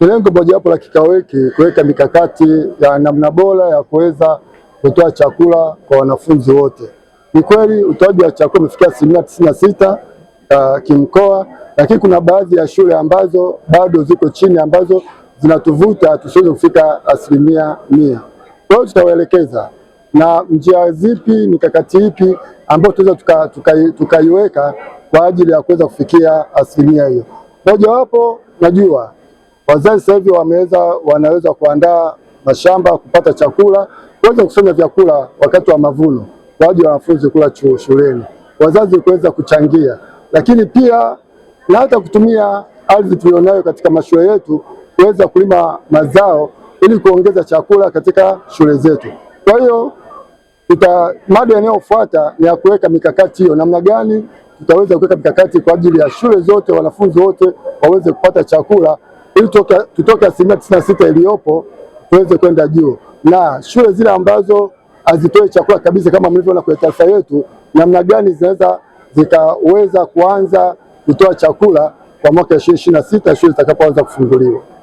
Lengo mojawapo la kikao hiki kuweka mikakati ya namna bora ya kuweza kutoa chakula kwa wanafunzi wote. Ni kweli utoaji wa chakula umefikia asilimia tisini na sita uh, kimkoa, lakini kuna baadhi ya shule ambazo bado ziko chini ambazo zinatuvuta tusiweze kufika asilimia mia. Kwa hiyo tutawaelekeza na njia zipi, mikakati ipi ambayo tunaweza tukaiweka tuka, tuka, tuka kwa ajili ya kuweza kufikia asilimia hiyo. Mojawapo najua Wazazi sasa hivi wameweza, wanaweza kuandaa mashamba kupata chakula, kuweza kusanya vyakula wakati wa mavuno kwa ajili ya wanafunzi kula shuleni, wazazi kuweza kuchangia, lakini pia na hata kutumia ardhi tulionayo katika mashule yetu kuweza kulima mazao ili kuongeza chakula katika shule zetu. Kwa hiyo mada yanayofuata ni ya kuweka mikakati hiyo, namna gani tutaweza kuweka mikakati kwa ajili ya shule zote, wanafunzi wote waweze kupata chakula ili tutoke asilimia tisini na sita iliyopo tuweze kwenda juu, na shule zile ambazo hazitoe chakula kabisa, kama mlivyoona kwenye taarifa yetu, namna gani zinaweza zikaweza kuanza kutoa chakula kwa mwaka 2026 shule zitakapoanza kufunguliwa.